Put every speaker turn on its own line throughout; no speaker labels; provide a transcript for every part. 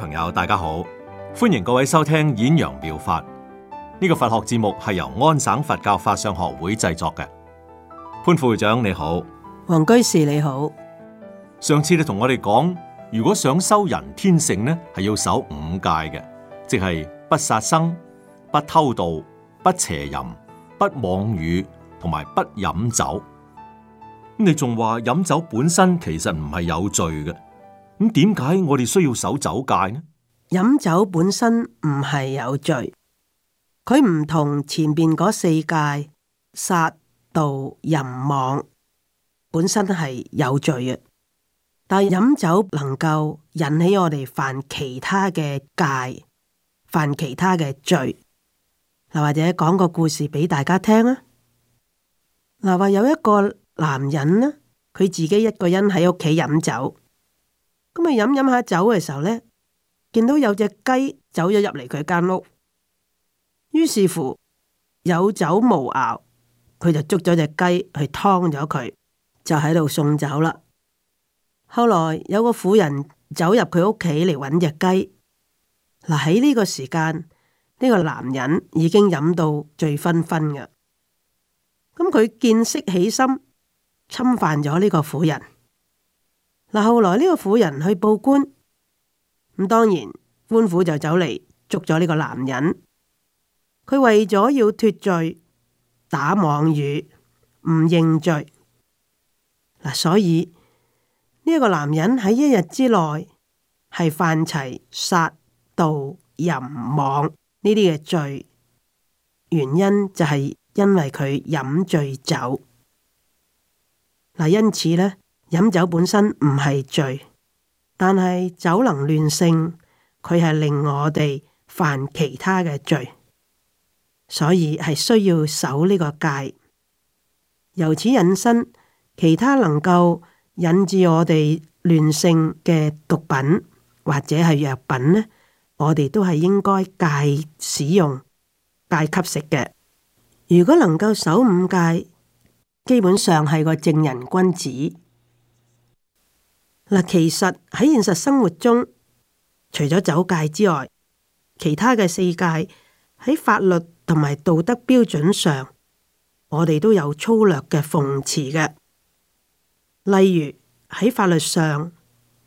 朋友，大家好，歡迎各位收聽《演揚妙，妙法》呢、這個佛學節目，係由安省佛教法相學會製作嘅。潘副會長你好，
黃居士你好。
上次你同我哋講，如果想修人天性呢，係要守五戒嘅，即係不殺生、不偷盜、不邪淫、不妄語同埋不飲酒。你仲話飲酒本身其實唔係有罪嘅。咁點解我哋需要守酒戒呢？
飲酒本身唔係有罪，佢唔同前邊嗰四戒殺盜淫妄本身係有罪嘅。但係飲酒能夠引起我哋犯其他嘅戒，犯其他嘅罪。嗱，或者講個故事俾大家聽啦。嗱，話有一個男人呢，佢自己一個人喺屋企飲酒。咁啊，飲飲下酒嘅時候呢，見到有隻雞走咗入嚟佢間屋，於是乎有酒無餚，佢就捉咗隻雞去劏咗佢，就喺度送走啦。後來有個婦人走入佢屋企嚟揾隻雞，嗱，喺呢個時間，呢個男人已經飲到醉醺醺嘅，咁、啊、佢見色起心，侵犯咗呢個婦人。嗱，後來呢個婦人去報官，咁當然官府就走嚟捉咗呢個男人。佢為咗要脫罪，打妄語唔認罪。嗱，所以呢個男人喺一日之內係犯齊殺盜淫妄呢啲嘅罪，原因就係因為佢飲醉酒。嗱，因此咧。飲酒本身唔係罪，但係酒能亂性，佢係令我哋犯其他嘅罪，所以係需要守呢個戒。由此引申，其他能夠引致我哋亂性嘅毒品或者係藥品呢，我哋都係應該戒使用、戒吸食嘅。如果能夠守五戒，基本上係個正人君子。嗱，其實喺現實生活中，除咗酒戒之外，其他嘅四戒喺法律同埋道德標準上，我哋都有粗略嘅諷刺嘅。例如喺法律上，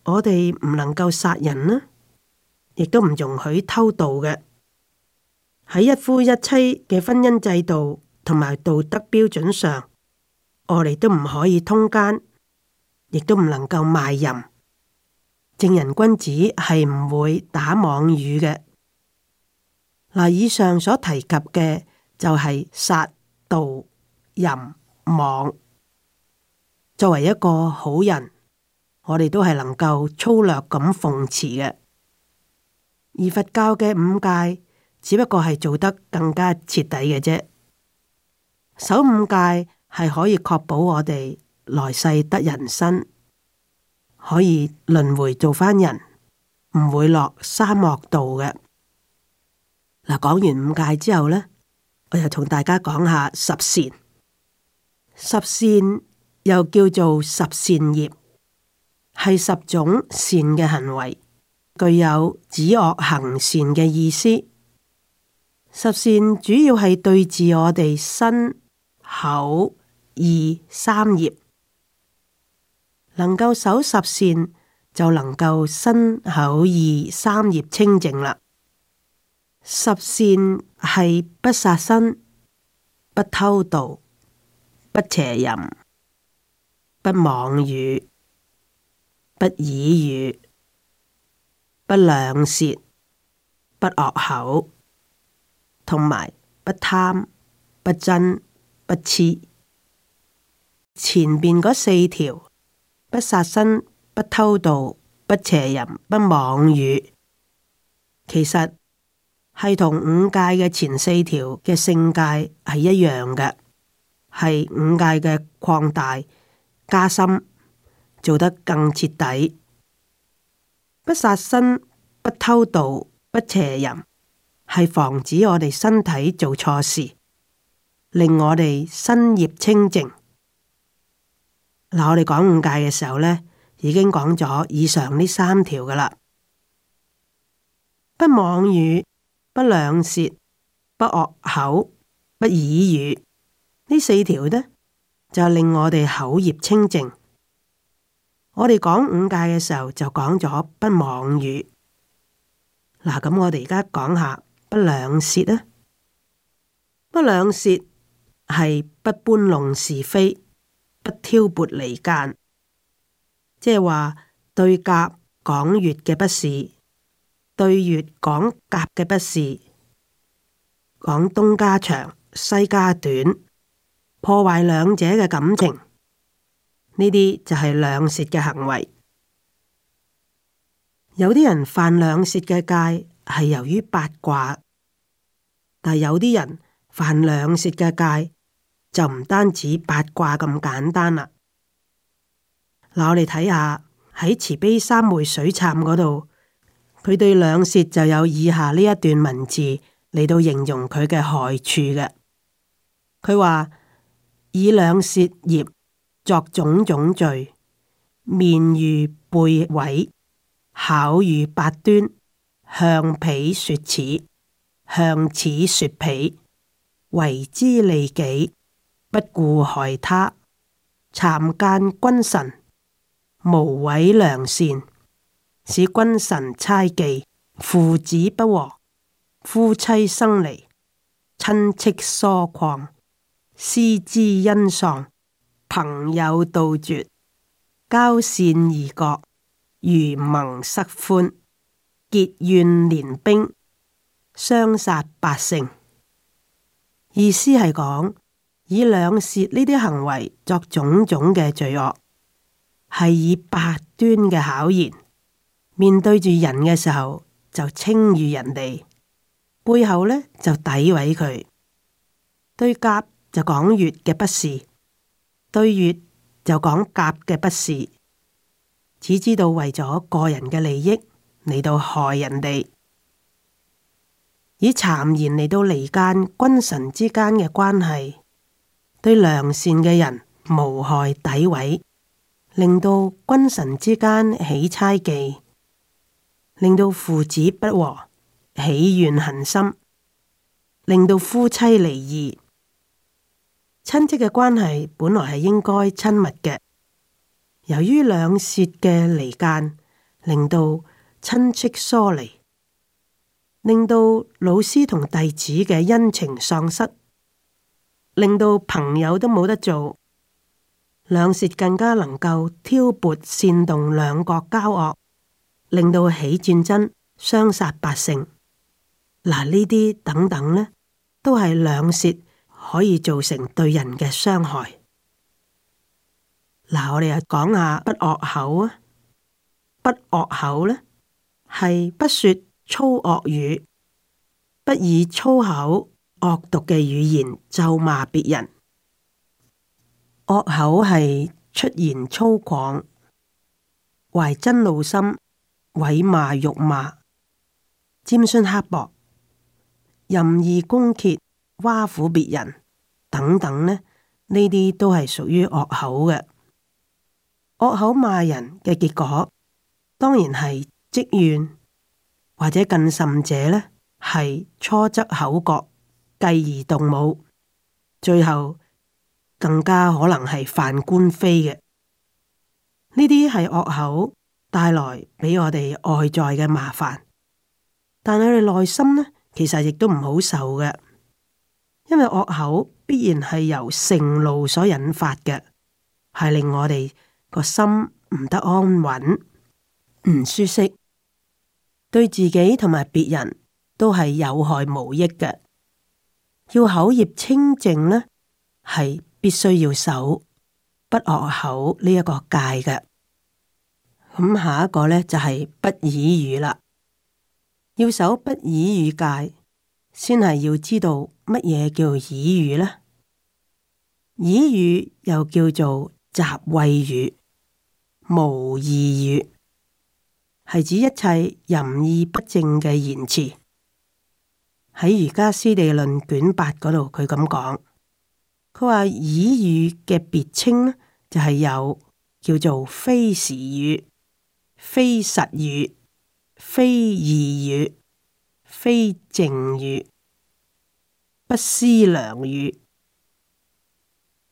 我哋唔能夠殺人啦，亦都唔容許偷盜嘅。喺一夫一妻嘅婚姻制度同埋道德標準上，我哋都唔可以通姦。亦都唔能夠賣淫，正人君子係唔會打妄語嘅。嗱，以上所提及嘅就係殺盜淫妄。作為一個好人，我哋都係能夠粗略咁奉持嘅。而佛教嘅五戒只不過係做得更加徹底嘅啫。守五戒係可以確保我哋來世得人身。可以輪回做返人，唔會落三惡道嘅。嗱，講完五戒之後呢，我又同大家講下十善。十善又叫做十善業，係十種善嘅行為，具有止惡行善嘅意思。十善主要係對治我哋身、口、意三業。能夠守十善，就能夠身口意三業清淨啦。十善係不殺生、不偷盜、不邪淫、不妄語、不綺語、不兩舌、不惡口，同埋不貪、不嗔、不癡。前面嗰四條。不殺生，不偷盜，不邪淫，不妄語。其實係同五戒嘅前四條嘅性戒係一樣嘅，係五戒嘅擴大加深，做得更徹底。不殺生，不偷盜，不邪淫，係防止我哋身體做錯事，令我哋身業清淨。嗱，我哋講五戒嘅時候咧，已經講咗以上呢三條噶啦，不妄語、不兩舌、不惡口、不綺語呢四條咧，就令我哋口業清淨。我哋講五戒嘅時候就講咗不妄語。嗱，咁我哋而家講下不兩舌啦，不兩舌係不搬弄是非。不挑撥離間，即係話對甲講乙嘅不是，對乙講甲嘅不是，講東家長西家短，破壞兩者嘅感情，呢啲就係兩舌嘅行為。有啲人犯兩舌嘅戒係由於八卦，但有啲人犯兩舌嘅戒。就唔單止八卦咁簡單啦。嗱，我哋睇下喺慈悲三昧水懺嗰度，佢對兩舌就有以下呢一段文字嚟到形容佢嘅害處嘅。佢話，以兩舌業作種種罪，面如背毀，口如八端，向彼說此，向此說彼，為之利己。不顧害他，讒間君臣，無偽良善，使君臣猜忌，父子不和，夫妻生離，親戚疏曠，師之恩喪，朋友道絕，交善而國，如盟失歡，結怨連兵，相殺百姓。意思係講。以兩舌呢啲行為作種種嘅罪惡，係以百端嘅考驗面對住人嘅時候，就稱譽人哋，背後呢就詆毀佢；對甲就講乙嘅不是，對乙就講甲嘅不是，只知道為咗個人嘅利益嚟到害人哋，以讒言嚟到離間君臣之間嘅關係。對良善嘅人無害詆毀，令到君臣之間起猜忌，令到父子不和，起怨恨心，令到夫妻離異，親戚嘅關係本來係應該親密嘅，由於兩舌嘅離間，令到親戚疏離，令到老師同弟子嘅恩情喪失。令到朋友都冇得做，兩舌更加能夠挑撥煽動兩國交惡，令到起戰爭，傷殺百姓。嗱，呢啲等等呢都係兩舌可以造成對人嘅傷害。嗱，我哋又講下不惡口啊，不惡口呢係不說粗惡語，不以粗口。惡毒嘅語言，咒罵別人，惡口係出言粗獷、懷真怒心、毀罵辱罵、尖酸刻薄、任意攻訐、挖苦別人等等呢，呢啲都係屬於惡口嘅。惡口罵人嘅結果，當然係積怨，或者更甚者呢係初則口角。繼而動武，最後更加可能係犯官非嘅。呢啲係惡口帶來俾我哋外在嘅麻煩，但係我哋內心呢，其實亦都唔好受嘅，因為惡口必然係由盛怒所引發嘅，係令我哋個心唔得安穩、唔舒適，對自己同埋別人都係有害無益嘅。要口業清淨呢，係必須要守不惡口呢一個戒嘅。咁、嗯、下一個呢，就係、是、不綺語啦。要守不綺語戒，先係要知道乜嘢叫綺語咧？綺語又叫做雜穢語、無義語，係指一切淫意不正嘅言辭。喺《瑜伽師地論》卷八嗰度，佢咁講，佢話耳語嘅別稱呢，就係、是、有叫做非時語、非實語、非義語、非正語、不思量語、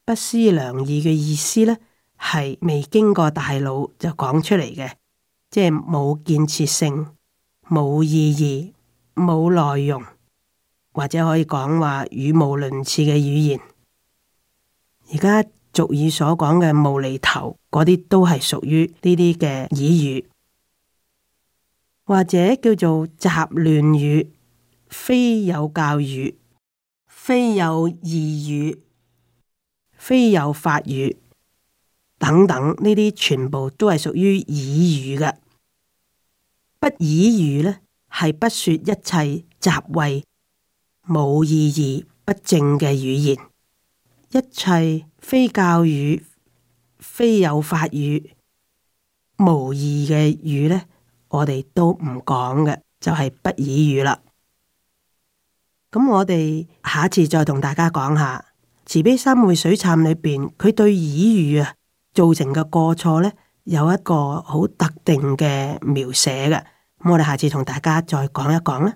不思量語嘅意思呢，係未經過大腦就講出嚟嘅，即係冇建設性、冇意義、冇內容。或者可以講話語無倫次嘅語言，而家俗語所講嘅無厘頭嗰啲都係屬於呢啲嘅綺語，或者叫做雜亂語、非有教語、非有義語、非有法語等等，呢啲全部都係屬於綺語嘅。不綺語呢，係不說一切雜穢。冇意義、不正嘅語言，一切非教語、非有法語、無義嘅語呢，我哋都唔講嘅，就係、是、不綺語啦。咁我哋下次再同大家講下《慈悲三昧水懺》裏邊，佢對綺語啊造成嘅過錯呢，有一個好特定嘅描寫嘅，我哋下次同大家再講一講啦。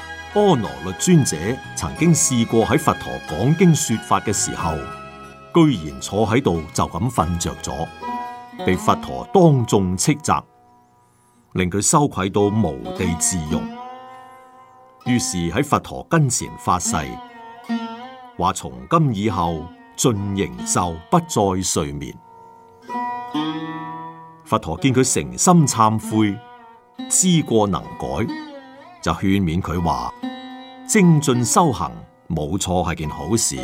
阿那律尊者曾經試過喺佛陀講經說法嘅時候，居然坐喺度就咁瞓着咗，被佛陀當眾斥責，令佢羞愧到無地自容。於是喺佛陀跟前發誓，話從今以後盡形壽不再睡眠。佛陀見佢誠心懺悔，知過能改。就勸勉佢話，精進修行冇錯係件好事，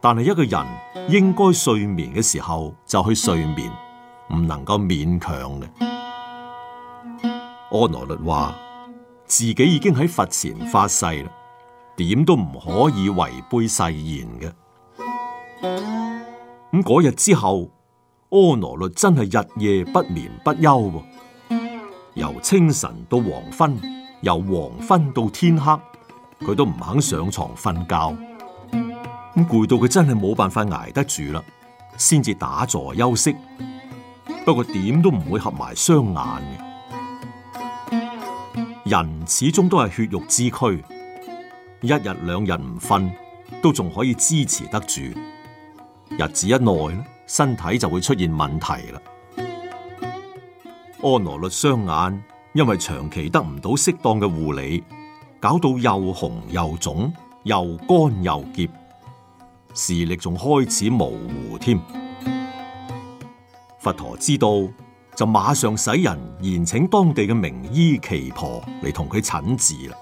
但係一個人應該睡眠嘅時候就去睡眠，唔能夠勉強嘅。阿那律話自己已經喺佛前發誓啦，點都唔可以違背誓言嘅。
咁
嗰日之後，阿那律真係日夜不眠不休，由清晨到黃昏。由黃昏到天黑，佢都唔肯上床瞓覺，咁攰到佢真係冇辦法挨得住啦，先至打坐休息。不過點都唔會合埋雙眼嘅，人始終都係血肉之軀，一日兩日唔瞓都仲可以支持得住，日子一耐咧，身體就會出現問題啦。阿那律雙眼。因為長期得唔到適當嘅護理，搞到又紅又腫，又乾又澀，視力仲開始模糊添。佛陀知道，就馬上使人延請當地嘅名醫奇婆嚟同佢診治啦。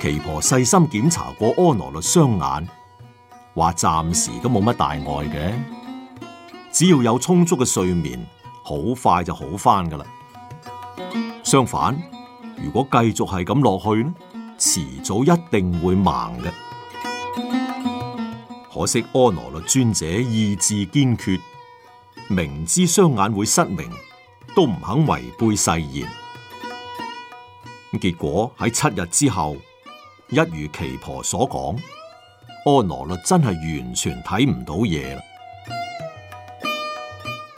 奇婆細心檢查過阿那律雙眼，話暫時都冇乜大礙嘅，只要有充足嘅睡眠，好快就好返㗎喇。相反，如果繼續係咁落去呢，遲早一定會盲嘅。可惜阿那律尊者意志堅決，明知雙眼會失明，都唔肯違背誓言。咁結果喺七日之後，一如耆婆所講，阿那律真係完全睇唔到嘢啦。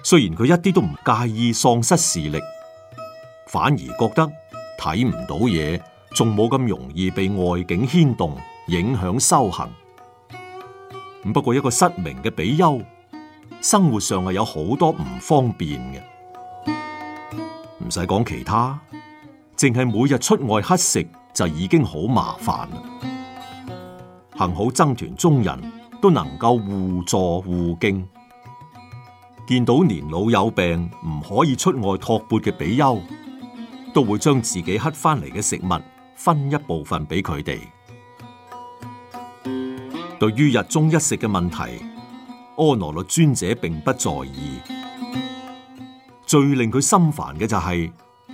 雖然佢一啲都唔介意喪失視力。反而覺得睇唔到嘢，仲冇咁容易被外境牽動，影響修行。不過一個失明嘅比丘，生活上係有好多唔方便嘅，唔使講其他，淨係每日出外乞食就已經好麻煩啦。幸好僧團中人都能夠互助互敬，見到年老有病唔可以出外托缽嘅比丘。都會將自己乞返嚟嘅食物分一部分俾佢哋。對於日中一食嘅問題，阿那律尊者並不在意。最令佢心煩嘅就係、是、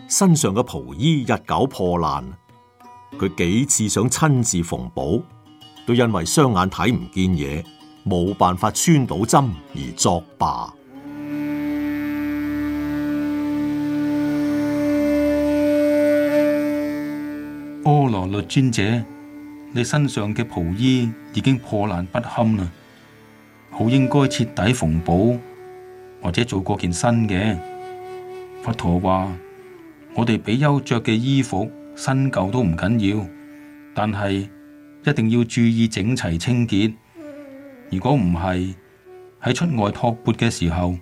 身上嘅袍衣日久破爛，佢幾次想親自縫補，都因為雙眼睇唔見嘢，冇辦法穿到針而作罷。阿
那律尊者，你身上嘅袍衣已經破爛不堪啦，好應該徹底縫補或者做過件新嘅。佛陀話：我哋比丘着嘅衣服新舊都唔緊要，但係一定要注意整齊清潔。如果唔係喺出外托缽嘅時候，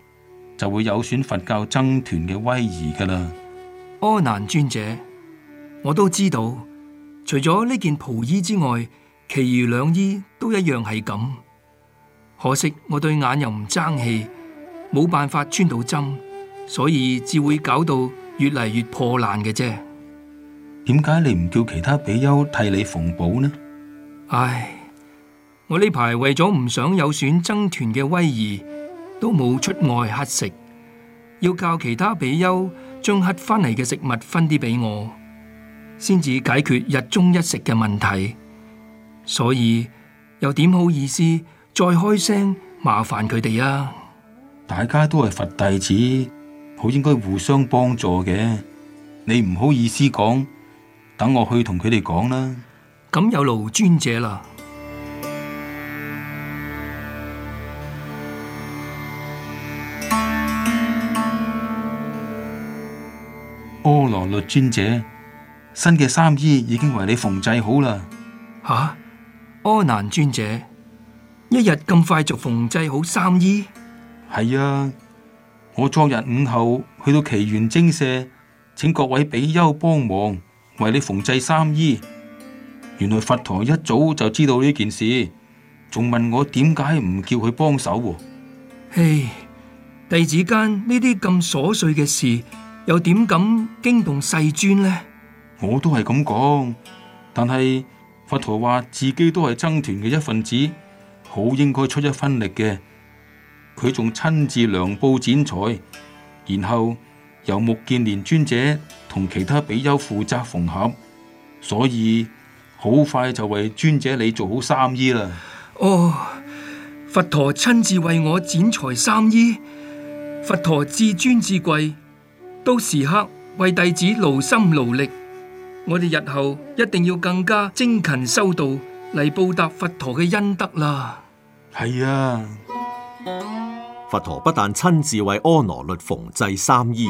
就會有損佛教僧團
嘅威儀噶啦。阿難尊者，我都知道。除咗呢件蒲衣之外，其餘兩衣都一樣係咁。可惜我對眼又唔爭氣，冇辦法穿到針，所以只會搞到越嚟越破爛嘅啫。
點解你唔叫其他比
丘替你縫補呢？唉，我呢排為咗唔想有損僧團嘅威儀，都冇出外乞食，要教其他比丘將乞返嚟嘅食物分啲俾我，先至解決日中一食嘅問題，所以又點好意思再開聲麻煩佢哋啊？大家都係佛弟子，好應該
互相幫助嘅。你唔好意思講，等我去同佢哋
講啦。咁有勞尊者啦，
阿那律尊者。新嘅三衣已經為你
縫製好啦。吓、啊，阿難尊者，一日咁快就縫製好三衣？係啊，我昨日午後去
到祇園精舍，請各位比丘幫忙為你縫製三衣。原來佛陀一早就知道呢件事，仲問我點解唔叫佢幫手。唉，
弟子間呢啲咁瑣碎嘅事，又點敢驚動世尊呢？我都係咁講，
但係佛陀話自己都係僧團嘅一份子，好應該出一分力嘅。佢仲親自量布剪裁，然後由木建連尊者同其他比丘負責縫合，所以
好快就為尊者你做好三衣啦。哦，佛陀親自為我剪裁三衣，佛陀至尊至貴，都時刻為弟子勞心勞力。我哋日後一定要更加精勤修道嚟報答佛陀嘅恩德啦。
係啊，佛陀不但親自為阿那律縫製三衣，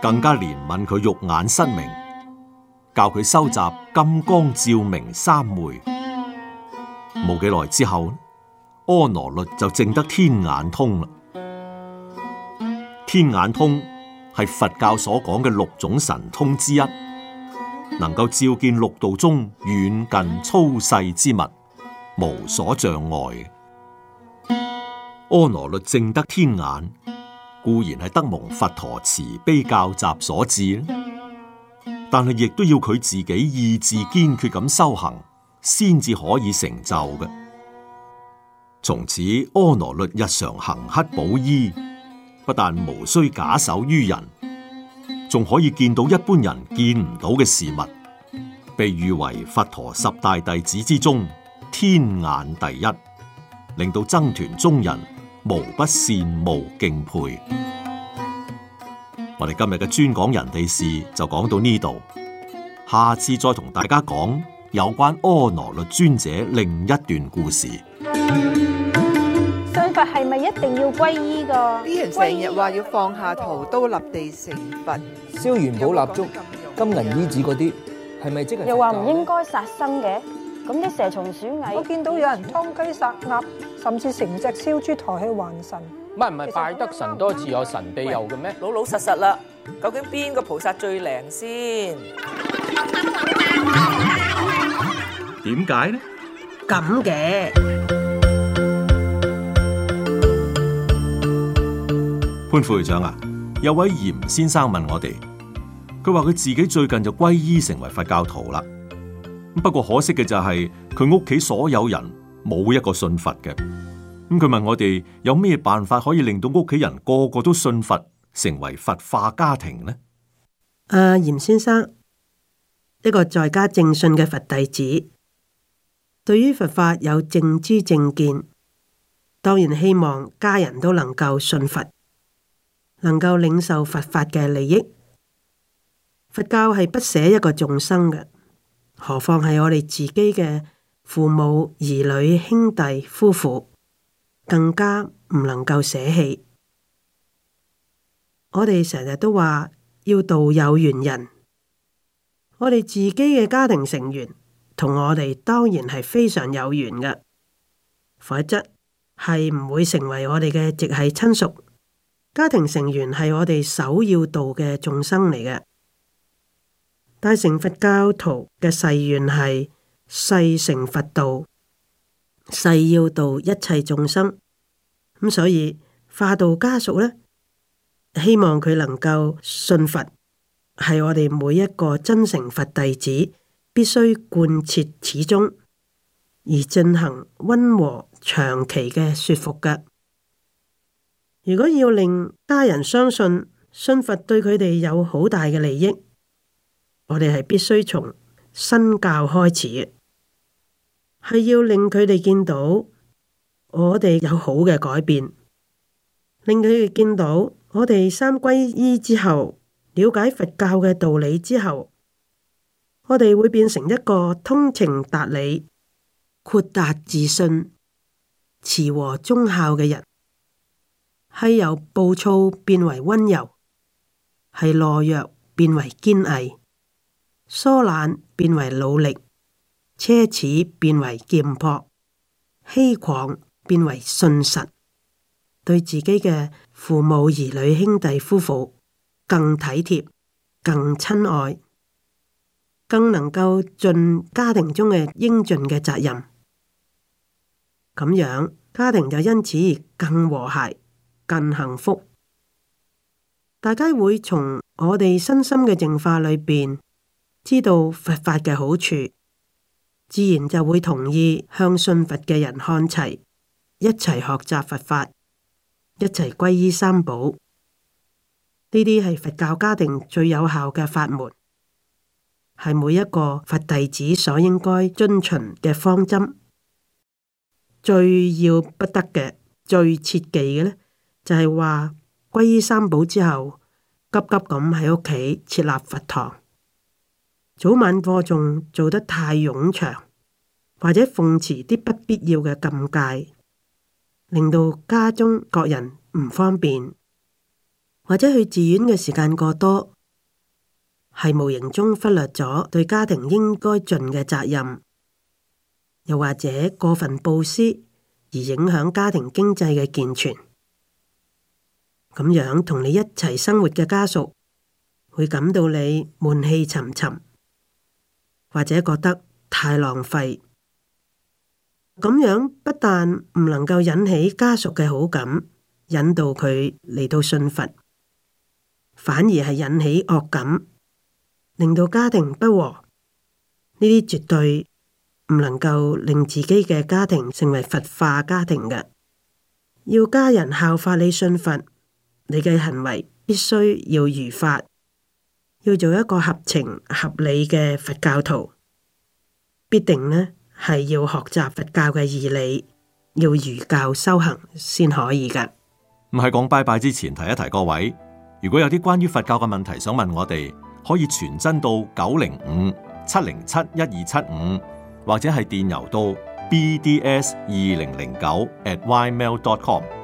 更加憐憫佢肉眼失明，教佢修習金光照明三昧。冇幾耐之後，阿那律就證得天眼通啦。天眼通係佛教所講嘅六種神通之一。能夠照見六道中遠近粗細之物，無所障礙。阿那律證得天眼，固然係得蒙佛陀慈悲教習所致，但係亦都要佢自己意志堅決咁修行，先至可以成就嘅。從此，阿那律日常行乞補衣，不但無需假手於人。仲可以見到一般人見唔到嘅事物，被譽為佛陀十大弟子之中天眼第一，令到僧團中人無不羨慕敬佩。我哋今日嘅專講人哋事就講到呢度，下次再同大家講有關阿那律尊者另一段故事。
係咪一定要皈依噶？啲人成日話要放下屠刀立地成佛，燒元寶蠟燭、金銀衣紙嗰啲，係咪即係？又話唔應該殺生嘅，咁啲蛇蟲鼠蟻，我見到有人殺雞殺鴨，甚至成隻燒豬抬去還神。唔係唔係，拜得神多自有神庇佑嘅咩？老老實實啦，究竟邊個菩薩最靈先？
點解呢？
咁嘅。
潘副會長啊，有位嚴先生問我哋，佢話佢自己最近就皈依成為佛教徒啦。不過可惜嘅就係佢屋企所有人冇一個信佛嘅。咁佢問我哋有咩辦法可以令到屋企人個個都信佛，成為佛
化家庭呢？誒、啊，嚴先生，一個在家正信嘅佛弟子，對於佛法有正知正見，當然希望家人都能夠信佛。能夠領受佛法嘅利益，佛教係不捨一個眾生嘅，何況係我哋自己嘅父母、兒女、兄弟、夫婦，更加唔能夠捨棄。我哋成日都話要度有緣人，我哋自己嘅家庭成員同我哋當然係非常有緣嘅，否則係唔會成為我哋嘅直係親屬。家庭成員係我哋首要度嘅眾生嚟嘅，大乘佛教徒嘅誓願係誓成佛道，誓要度一切眾生。咁所以化度家屬咧，希望佢能夠信佛，係我哋每一個真成佛弟子必須貫徹始終而進行溫和長期嘅說服嘅。如果要令家人相信信佛對佢哋有好大嘅利益，我哋係必須從身教開始嘅，係要令佢哋見到我哋有好嘅改變，令佢哋見到我哋三皈依之後，了解佛教嘅道理之後，我哋會變成一個通情達理、豁達自信、慈和忠孝嘅人。係由暴躁變為溫柔，係懦弱變為堅毅，疏懶變為努力，奢侈變為儉樸，虛狂變為信實。對自己嘅父母、兒女、兄弟、夫婦更體貼、更親愛、更能夠盡家庭中嘅應盡嘅責任。咁樣家庭就因此更和諧更幸福，大家會從我哋身心嘅淨化裏邊知道佛法嘅好處，自然就會同意向信佛嘅人看齊，一齊學習佛法，一齊歸依三寶。呢啲係佛教家庭最有效嘅法門，係每一個佛弟子所應該遵循嘅方針，最要不得嘅、最切忌嘅呢。就係話歸依三寶之後，急急咁喺屋企設立佛堂，早晚課仲做得太冗長，或者奉持啲不必要嘅禁戒，令到家中各人唔方便，或者去寺院嘅時間過多，係無形中忽略咗對家庭應該盡嘅責任，又或者過份布施而影響家庭經濟嘅健全。咁樣同你一齊生活嘅家屬會感到你悶氣沉沉，或者覺得太浪費。咁樣不但唔能夠引起家屬嘅好感，引導佢嚟到信佛，反而係引起惡感，令到家庭不和。呢啲絕對唔能夠令自己嘅家庭成為佛化家庭嘅。要家人效法你信佛。你嘅行為必須要如法，要做一個合情合理嘅佛教徒，必定呢係要學習佛教嘅義理，要如教修行先可以㗎。
唔係講拜拜之前提一提各位，如果有啲關於佛教嘅問題想問我哋，可以傳真到九零五七零七一二七五，75, 或者係電郵到 bds 二零零九 at ymail.com。